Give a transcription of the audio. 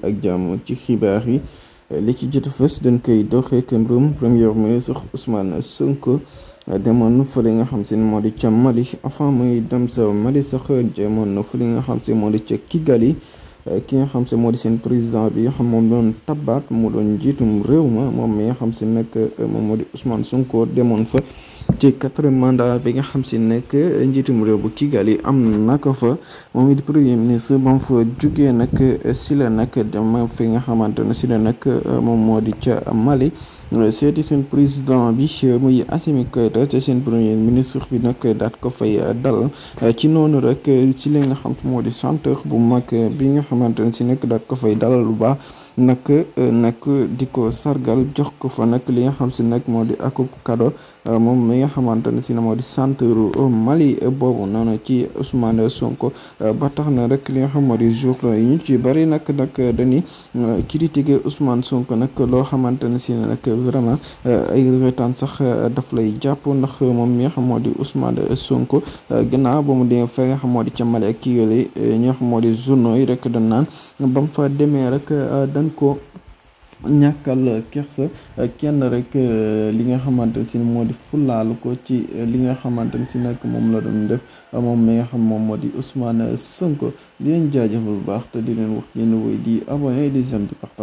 ak jàmm ci xibaar yi li ci jot fës dañ koy doxee ak mbirum premier ministre Ousmane Sonko demoon na fële nga xam seen ne moo di ca Mali avant muy dem sa Mali sax demoon na fële nga xam si moo di ca Kigali ki nga xam si moo di seen président bi nga xam moom doon tabaat mu doon njiitum réew ma moom mi nga xam si nag moom moo di Ousmane Sonko demoon fa. ci quatrième mandat bi nga xam si nekk njiitum réew bu Kigali am na fa moom it premier ministre ba mu fa jugee nag si la nag dem fi nga xamante ne si la nag moom moo di ca Mali seeti seen président bi muy Assimi Goïta te seen premier ministre bi nag daat ko fay dal ci noonu rek ci li nga xam moo di centre bu mag bi nga xamante ne si nakk daat ko fay dalal lu baax. nag euh, nag di ko sargal jox ko fa nag li nga xam si nag moo di akub kado euh, moom mi nga xamante ne si moo di centre euh, Mali boobu noonu ci Ousmane Sonko ba tax na rek li nga xam moo di jour yi ñu ci bëri nag nag dañuy critiquer Ousmane Sonko nag loo xamante ne si nag vraiment ay reetaan sax daf lay jàpp ndax moom mi nga xam moo di Ousmane Sonko gannaaw ba mu demee fa xam moo di ca Mali ak kii yooyu ñi xam moo di journaux yi rek dañ naan fa demee rek. gën ko ñàkkal kersa euh, kenn rek euh, li nga xamante ne si moo di fulaalu ko ci euh, li nga xamante ne si nag moom la doon def moom mi nga xam moom moo di Ousmane Sonko di leen jaajëfal baax te di leen wax ngeen wéy di abonné di j'aime di partage